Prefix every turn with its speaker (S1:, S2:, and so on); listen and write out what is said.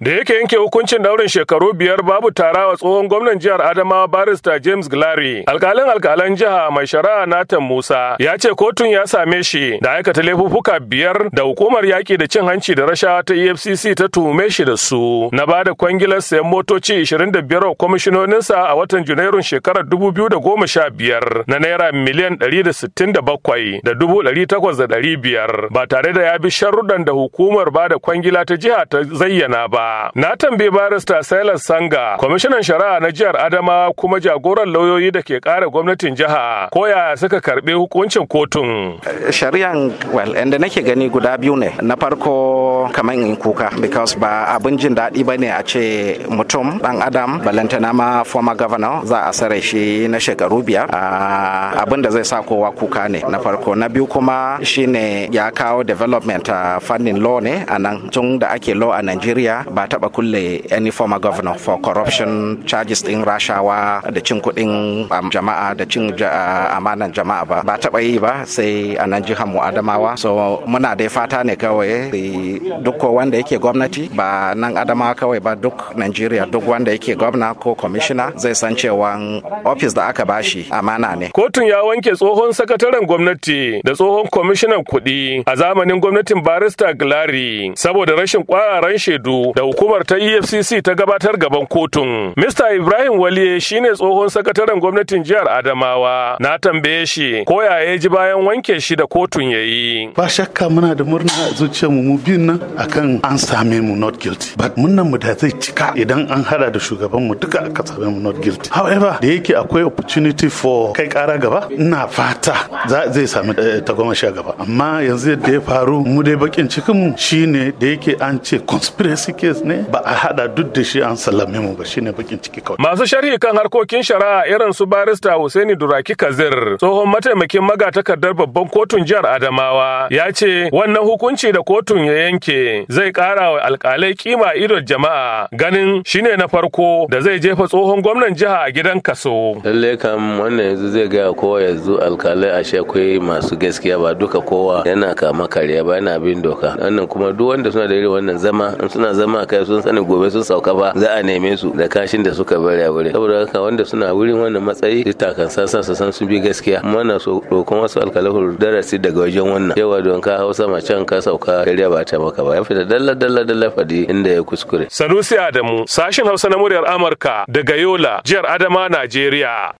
S1: Da yake yanke hukuncin daurin shekaru biyar babu tarawa tsohon gwamnan jihar Adamawa barista James Glary, alkalin alkalan jiha mai shari'a Nathan Musa ya ce kotun ya same shi da aikata laifuffuka biyar da hukumar yaƙi da cin hanci da rashawa ta EFCC ta tuhume shi da su na ba da kwangilar sayan motoci 25 wa kwamishinoninsa a watan Junairun shekarar 2015 na naira miliyan 167 da 800 ba tare da ya bi sharuɗan da hukumar ba da kwangila ta jiha ta zayyana ba. Na tambayi barista Silas Sanga, kwamishinan shari'a na jihar Adama kuma jagoran lauyoyi da ke kare gwamnatin jiha, koya suka karɓi hukuncin kotun.
S2: Shari'an, well, inda nake gani guda biyu ne. Na farko kamar in kuka, because ba abin jin daɗi ba ne a ce mutum ɗan adam balantana ma former governor za a sare shi na shekaru biyar. Ah, abin da zai sa kowa kuka ne na farko. Na biyu kuma shine ya kawo development a ah, fannin law ne a nan tun da ake law a Najeriya ba taba kulle any former governor for corruption charges din rashawa da cin kuɗin um, jama'a da cin uh, amanan jama'a ba ba taba yi ba sai a nan jihar mu adamawa so muna dai fata ne kawai duk wanda yake gwamnati ba nan adamawa kawai ba duk Nigeria duk wanda yake gwamna ko commissioner zai san cewa ofis da aka bashi amana ne
S1: kotun ya wanke tsohon sakataren gwamnati da tsohon commissioner kuɗi a zamanin gwamnatin barista Glari saboda rashin kwararan shaidu da hukumar ta EFCC ta gabatar gaban kotun. mista Ibrahim Waliye shine tsohon sakataren gwamnatin jihar Adamawa. Na tambaye shi ko ya ji bayan wanke shi da kotun yayi.
S3: Ba shakka muna da murna a zuciyarmu mu biyun nan akan an same mu not guilty. But munnan mu da zai cika idan an hada da shugaban mu duka aka same mu not guilty. However, da yake akwai opportunity for kai kara gaba, ina fata zai sami eh, goma sha gaba. Amma yanzu yadda ya faru mu dai bakin cikin mu shine da yake an ce conspiracy case kes ne ba a hada duk da shi an sallame mu ba shine bakin ciki kawai
S1: masu sharhi kan harkokin shari'a irin su barista Husaini Duraki Kazir tsohon mataimakin magatakardar babban kotun jihar Adamawa ya ce wannan hukunci da kotun ya yanke zai kara wa alkalai kima idon jama'a ganin shine na farko da zai jefa tsohon gwamnan jiha a gidan kaso lalle
S4: kam wannan yanzu zai ga kowa yanzu alkalai ashe akwai masu gaskiya ba duka kowa yana kama kariya ba yana bin doka wannan kuma duk wanda suna da irin wannan zama suna zama kai sun sani gobe sun sauka ba za a neme su da kashin da suka bari a wurin saboda haka wanda suna wurin wannan matsayi takan sasa su san sun bi gaskiya mana so roƙon wasu alkalahur darasi daga wajen wannan yawa don ka hausa ma can ka sauka shari'a ba ta maka ba ya fita dalla dalla dalla fadi inda ya kuskure sanusi adamu sashin hausa na muryar amurka
S1: daga yola jihar adama najeriya